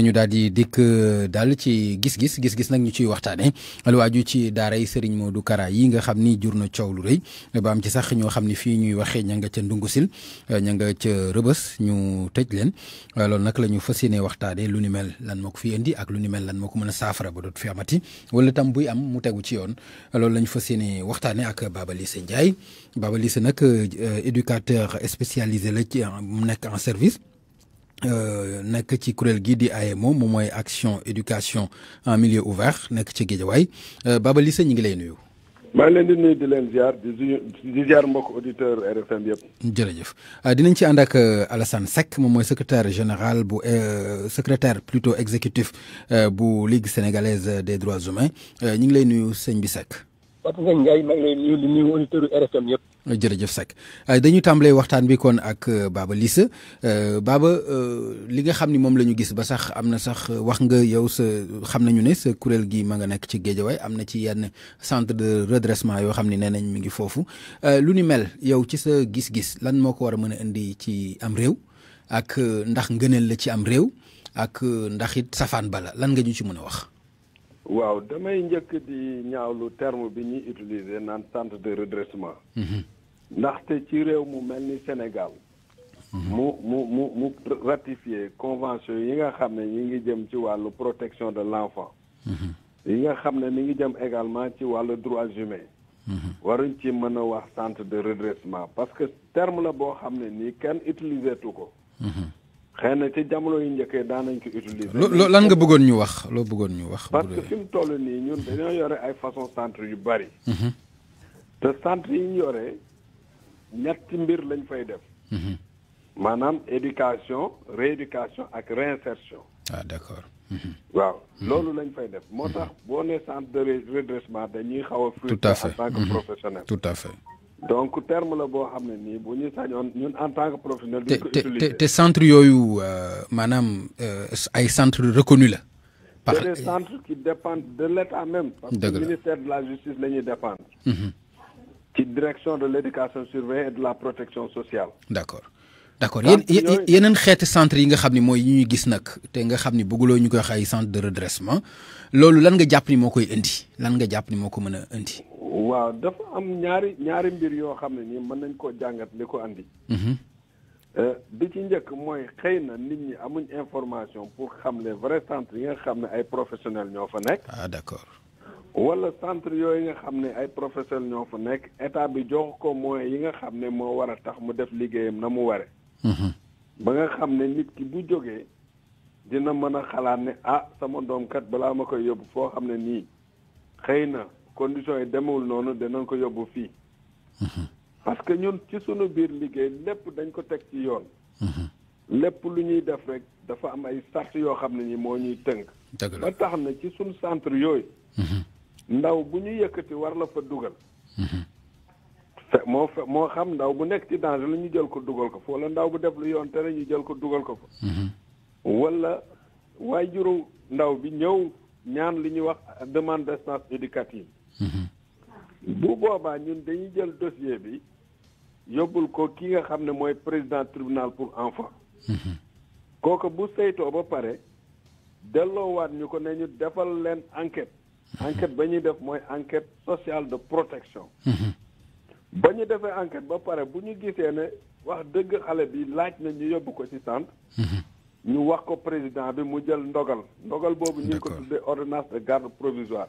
ñu daal di dikk euh, daal ci gis-gis gis-gis nag ñu ciy waxtaane lu waaju ci daaray Serigne du Kara yi nga xam ni jur na coow lu rëy ba am ci sax ñoo xam ni fii ñuy waxee ña nga ca Ndungusil euh, ña nga ca Rëbës ñu tëj leen euh, loolu nag la ñu fas yéene waxtaane lu ni mel lan moo ko ak lu ni lan moo ko mën a saafara ba doot fi amati wala tam buy am mu tegu ci yoon loolu la ñu fas yéene waxtaane ak Baba Lissé Ndiaye Baba Lissé nag éducateur spécialisé la ci mu nekk en service Euh, nek ci kurel gii di AEMO moom action éducation en milieu ouvert nek ci Guédiaway euh, Baba Lissé ñi ngi lay nuyu. maa ngi leen di nuyu di leen ziar di ziar mbokk auditeur RFM yëpp. jërëjëf euh, dinañ ci ànd ak Alassane Seck moom mooy secrétaire général bu secrétaire plutôt exécutif bu Ligue sénégalaise des droits humains ñi ngi lay nuyu sëñ bi Seck. Fatou Ngagne Ndiaye maa tàmbalee waxtaan bi kon ak euh, Baba Lissa euh, Baba euh, li nga xam ni moom la ñu gis ba sax am na sax wax nga yow sa xam nañu ne sa kuréel gi ma nga nekk ci Géejawaay am na ci yenn centre de redressement yoo xam ne nee nañ mi ngi foofu lu ni mel yow ci sa gis-gis lan moo ko war a mën a indi ci am réew ak ndax ngëneel la ci am réew ak ndax it safaan bala lan nga ñu ci mën a wax. waaw damay njëkk di ñaawlu terme bi ñuy utiliser naan centre de redressement. Mhm. ndaxte ci réew mu mel ni Sénégal. Mhm. mu mu mu mu ratifier convention yi nga xam ne ñi ngi jëm ci wàllu protection de l'enfant. Mhm. yi nga xam ne mi ngi jëm également ci wàllu droits humains. waruñ ci mën a wax centre de redressement parce que terme la boo xam ne nii kenn utiliser tu ko. xëy na ci jamono yu njëkkee daan nañ ko utiliser. loo lan nga bëggoon ñu wax loo bëggoon ñu wax. parce que fi mu toll nii ñun dañoo yore ay façon centre yu bari. Mm-hmm. te centre yi ñu yore ñetti mbir lañ fay def. Mm-hmm. maanaam éducation rééducation ak réinsertion. ah d'accord. Mm-hmm. waaw loolu lañ fay def moo tax boo nee centre de redressement dañuy xaw a. tout à fait en professionnel. tout à fait. donc terme la boo xam ne nii bu ñu sañoon ñun en tant que professionnel. duñ te te centre yooyu euh, maanaam euh, ay centre reconnu la. par des centres qui dépendent de l' état même. parce que ministère de la justice la ñuy dépendre. Mm-hmm. ci direction de l' éducation surveillée et de la protection sociale. d' accord d' accord yéen yeneen xeeti centre yi nga xam ne mooy yi ñuy gis nag te nga xam ne bëgguloo ñu koy wax ay centre de redressement loolu lan nga jàpp ni moo koy indi lan nga jàpp ni moo ko mën a indi. waaw dafa am ñaari ñaari mbir yoo xam ne nii mën nañ koo jàngat li ko andi. Mhm. Euh, bi ci njëkk mooy xëy na nit ñi amuñ information pour xam les vrais centres yi nga xam ne ay professionnels ñoo fa nekk. ah wala centre yooyu nga xam ne ay professionnels ñoo fa nekk état bi jox ko moyens yi nga xam ne moo war a tax mu def liggéeyam na mu ware mhm. ba nga xam ne nit ki bu jógee dina mën a xalaat ne ah sama doom kat balaa ma koy yóbbu foo xam ne nii xëy na. conditions yi demewul noonu danañ ko yóbbu fii mhm. parce que ñun ci sunu biir liggéey lépp dañ ko teg ci yoon mhm. lépp lu ñuy def rek dafa am ay sart yoo xam ne ni moo ñuy tënk ba tax na ci suñu centre yooyu mhm. ndaw bu ñu yëkkati war la fa dugal fe moo fe moo xam ndaw bu nekk ci danger la ñu jël ko dugal ko fa wala ndaw bu def yoon tere ñu jël ko dugal ko fa wala waajuru ndaw bi ñëw ñaan li ñuy wax demande d' espace éducative bu boobaa ñun dañuy jël dossier bi yóbbul ko ki nga xam ne mooy président tribunal pour enfant mhm. kooku bu seytoo ba pare delloowaat ñu ko ne ñu defal leen enquête mhm. enquete ba ñuy def mooy enquête sociale de protection mhm. ba ñu defee enquête ba pare bu ñu gisee ne wax dëgg xale bi laaj na ñu yóbbu ko ci sant ñu wax ko président bi mu jël ndogal ndogal boobu ñu ngi ko tuddee ordonnance de garde provisoire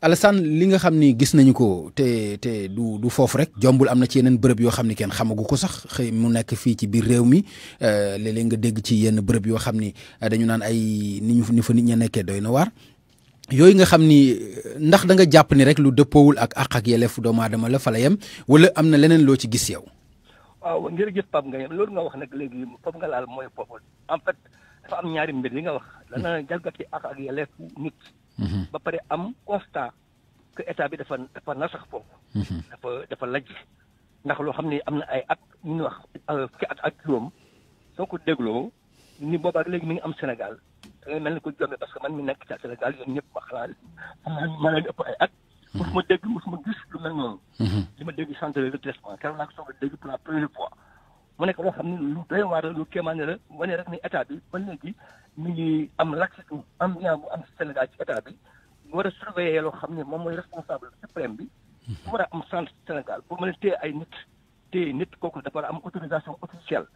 Alassane li nga xam ni gis nañu ko te te du du foofu rek jombul am na ci yeneen bërëb yoo xam ni kenn xamagu ko sax xëy mu nekk fii ci biir réew mi euh, léeg-léeg nga dégg ci yenn bërëb yoo xam ni euh, dañu naan ay ni ñu ni fa nit ña nekkee doy na waar. yooyu nga xam ni euh, ndax danga jàpp ni rek lu dëppoowul ak àq ak yelleefu doomu aadama la fa la yem wala am na leneen loo ci gis yow. waaw jërëjëf Pape Ngagne loolu nga wax nag léegi foofu nga laal mooy foofu en fait dafa am ñaari mbir li nga wax. dana jalgati àq ak yelleefu nit. Mm-hmm. ba pare am constant que état bi dafa dafa nasax foofu. Mm-hmm. dafa dafa lajj ndax loo xam ne am na ay at ñu ñuy wax fukki at ak juróom soo ko dégloo ni boobaak léegi mu ngi am Sénégal da ngay mel ni ko jombe parce que man mi nekk Sénégal yéen ñëpp ma xalaat ma leen ëpp ay at. Mm-hmm. mosuma dégg mosuma gis lu mel noonu. li ma dégg centre de redressement keroog ko soog a dégg pour la première fois. mu nekk loo xam ne lu doy waar lu kéemaane la wane rek ni état bi ba léegi mu ngi am laxité ambiant bu am Sénégal ci état bi war a surveiller loo xam ne moom mooy responsable suprême bi. bu war a am centre Sénégal bu ma a téye ay nit téye nit kooku dafa war a am autorisation officielle.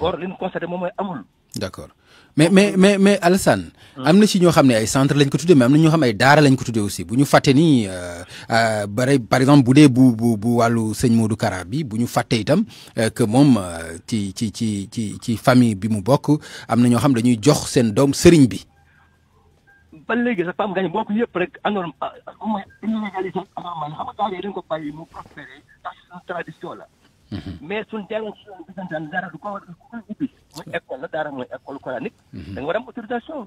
or li ñu moom mooy amul. D'accord. mais mais mais mais Alassane. Hein? am na ci ñoo xam ay centre lañ ko tuddee mais am na ñoo xam ne ay daara lañ ko tuddee aussi bu ñu fàtte ni euh, euh, bare par exemple bu dee bu bu bu wàllu sëñ Modou Kara bi bu ñu fàtte itam euh, que moom ci ci ci ci ci famille bi mu bokk am na xam dañuy jox sen doom sëriñ bi. ba légui sax PAM gañ bokk yépp rek anormal ah, ah, ah, au moins illégalisé anormal xam nga daal dañ ko bàyyi mu prospéré ndax tradition la. Mm-hmm. mais suñ teeloon si yoon dëggantaan dara du ko war a ubbi muy école la daara mooy école coranique. Mm-hmm. war a am autorisation.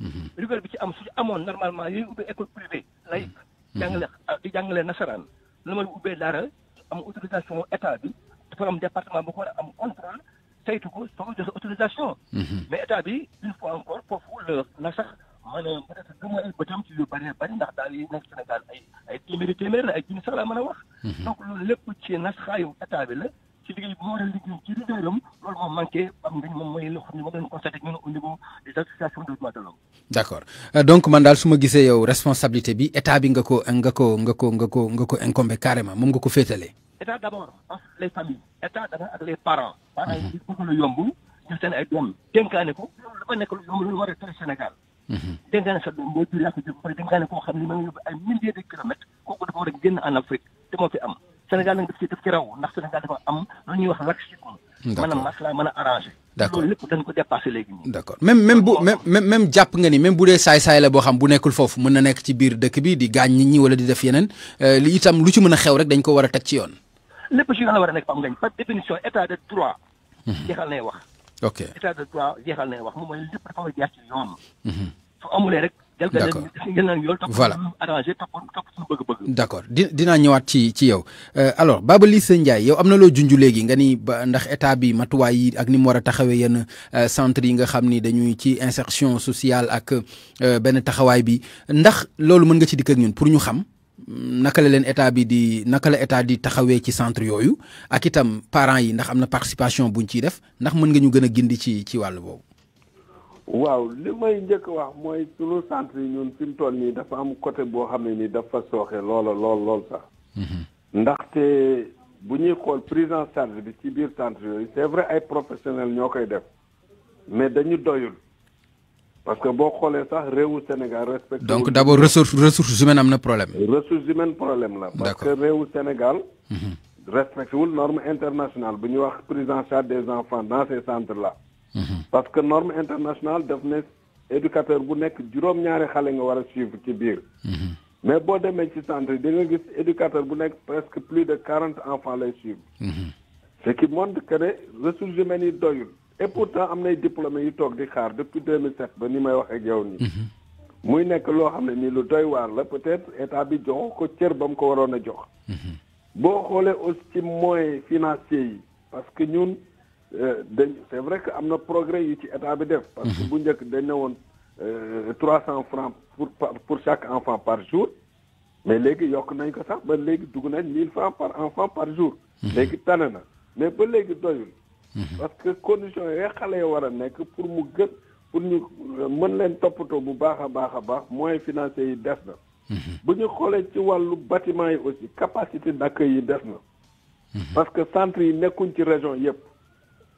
Mm-hmm. rigueur bi ci am su ci amoon normalement yooyu ubbi école privée lay jàngale ah, di jàngale nasaraan lu may ubbee daara am autorisation état bi dafa am département bu ko war am contrôle saytu ko soo ko autorisation. mais état bi une fois encore foofu la na maanaam peut être gëmma ay bëtam ci yu bari bari ndax daal yi nekk Sénégal ay ay téeméeri téeméer la ay junni sax laa mën wax donc loolu lépp ci nasaxaayu état bi la ci liggéey bu ma liggéey ci rigueuram loolu moom manqué am ngañ moom mooy loo xam ne moom lañ constaté ñun au niveau des associations de droits de l'homme d' accord donc man daal su ma gisee yow responsabilité bi état bi nga ko nga ko nga ko nga ko nga ko incombé carrément moom nga ko féetalee état d' abord entre les familles état d' abord ak les parents parents yi bëgg lu yomb ñu seen ay doom dénkaane ko loolu dafa nekk lu yomb loolu war a Sénégal Mm-hmm. dégg nga ne sa doom boo jur laa ko jur pare da nga ne koo xam ne ma ngi yóbbu ay milliers de kilomètres kooku dafa war a génn en Afrique te moo fi am Sénégal nag daf ci daf ci raw ndax Sénégal dafa am lu ñuy wax laxisme maanaam mas laa mën a arrangé d'accord loolu lépp dañ ko dépassé léegi nii d'accord même même bu même même jàpp nga ni même bu dee saay-saay la boo xam bu nekkul foofu mën na nekk ci biir dëkk bi di gaañ ñi wala di def yeneen euh, li itam lu ci mën a xew rek dañ ko war a teg ci yoon lépp ci yoon la war a nekk pam ngañ par définition état de droit mm-hmm. jeexal nay wax ok état de droit jeexal nay wax moom mooy lépp dafa war a jaar ci yoon mm-hmm. su rek. d' accord voilà d' accord di dinaa ñëwaat ci ci yow euh, alors Baba Lissa Ndiaye yow am na loo junju léegi nga ni ba ndax état bi matuwaay yi ak ni mu war a taxawee yenn euh, centre yi nga xam ni dañuy ci insertion sociale ak euh, benn taxawaay bi ndax loolu mën nga ci dikk ak ñun pour ñu xam mm, naka la leen état bi di naka la état di taxawee ci centre yooyu ak itam parents yi ndax am na participation ñu ciy def ndax mën nga ñu gën a gindi ci ci wàll boobu. waaw li may njëkk wax mooy sunu centre yi ñun fi mu toll nii dafa am côté boo xam ni dafa sooxe loola lool lool sax. Mhm. ndaxte bu ñuy xool prise en charge bi ci biir centre yooyu c'est vrai ay professionnels ñoo koy def mais dañu doyul parce que boo xoolee sax réewu Sénégal respecté. donc d'abord ressources ressources humaines am na problème. ressources humaines problème la. parce que réewu Sénégal. Mhm. respecté wul norme internationale bu ñu wax prise en charge des enfants dans ces centres là parce que norme internationale daf ne éducateur bu nekk juróom-ñaari xale nga war a suivre ci biir. mais boo demee ci centre di nga gis éducateur bu nekk presque plus de quarante enfants lay suivre. ce qui montre que ne ressources humaines yi doyul. et pourtant am nay diplômés yu toog di xaar depuis 2007 ba ni may wax ak yow nii. muy nekk loo xam ne nii lu doy waar la peut-être état bi jox ko cër ba mu ko waroon a jox. boo xoolee aussi ci moyens financiers yi parce que ñun. Euh, c'est vrai que amna progrès yu ci état bi def. parce que mhm. bu ñëk dañ ne woon euh, trois francs pour pour chaque enfant par jour. mais légui yok nañ ko sax ba légui dug nañ mille francs par enfant par jour. Mhm. légui tane mais ba légui doyul. Mhm. parce que condition yooyu xale yi war nekk pour mu gën pour ñu euh, mën leen toppatoo bu baaxa baaxa baax moy financier yi def na. bu ñu xolé ci walu bâtiment yi aussi capacité d'accueil yi def na. parce que centre yi nekkun ci région yëpp.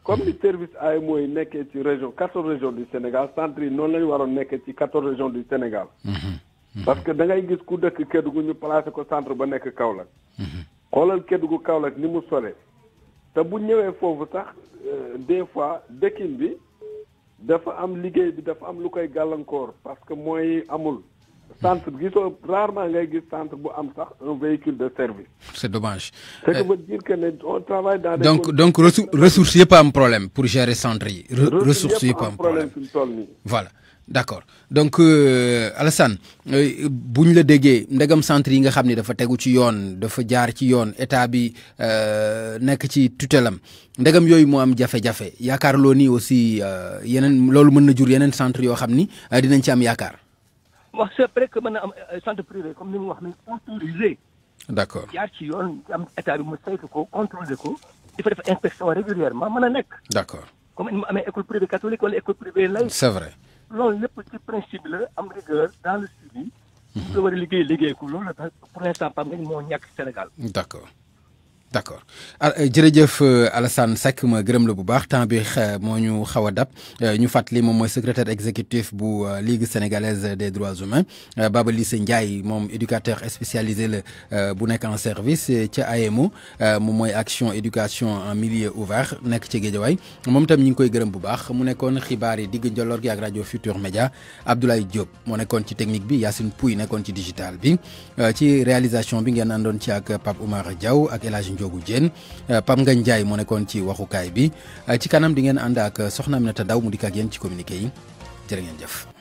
comme ni service AEMO yi nekkee ci région quatorze régions du Sénégal centre yi noonu la ñu waroon nekkee ci quatorze régions du Sénégal. Mhm. parce que da ngay gis ku dëkk Kédougou ñu placé ko centre ba nekk Kaolack. Mhm. xoolal Kédougou Kaolack ni mu sore te bu ñëwee foofu sax euh, des fois dëkkin bi dafa am liggéey bi dafa am lu koy gàllankoor parce que mooy amul. centre gisoo rarement ngay gis centre bu am sax un véhicule de service. c'est dommage. ce que euh, veut dire que ne on travaille dans donc donc ressources yëpp am problème pour gérer centre yi. ressources yëpp am problème fi mu toll nii voilà. d' accord donc euh, Alassane euh, bu ñu la déggee ndegam centre yi nga xam ne dafa tegu ci yoon dafa jaar ci yoon état bi nekk ci tutelam ndegam yooyu moo am jafe-jafe yaakaar loo ni aussi yeneen loolu mën na jur yeneen centre yoo xam ni dinañ ci am yaakaar wax c'est vrai que mën na am centre privé comme ni mu wax ni autorisé. d'accord jaar ci yoon am état bi mu saytu ko contrôler ko di fa def inspection régulièrement mën a nekk. d'accord comme ni mu amee école privée catholique wala école privée lay. c'est vrai loolu lépp ci principe la am rigueur dans le suivi. ñu mhm. ko war a liggéey liggéey ko loolu la pour l'instant PAM rek moo ñàkk Sénégal. d'accord. D'accord. accord ah, euh, jërëjëf euh, Alassane sak ma gërëm la bu baax temps bi euh, moo ñu xaw a dab ñu fàttali moom mooy secrétaire exécutif bu Ligue sénégalaise des droits humains Baba Lissé Ndiaye moom éducateur spécialisé la bu nekk en service ca AEMO moom mooy action éducation en milieu ouvert nekk ci Guédiawaay moom tam ñu ngi koy gërëm bu baax mu nekkoon xibaar yi digg njolloor gi ak radio Futur Média Abdoulaye Diop moo nekkoon ci technique bi Yacine Pouy nekkoon ci digital bi ci réalisation bi ngeen àndoon ci ak Pape Oumar Diaw ak elage Ndiogou Diène euh, Pam nga njaay moo nekkoon ci waxukaay bi euh, ci kanam di ngeen ànd ak euh, soxna Aminata Ndaw mu dikk ak yéen ci communiqué yi jërë ngeen jëf.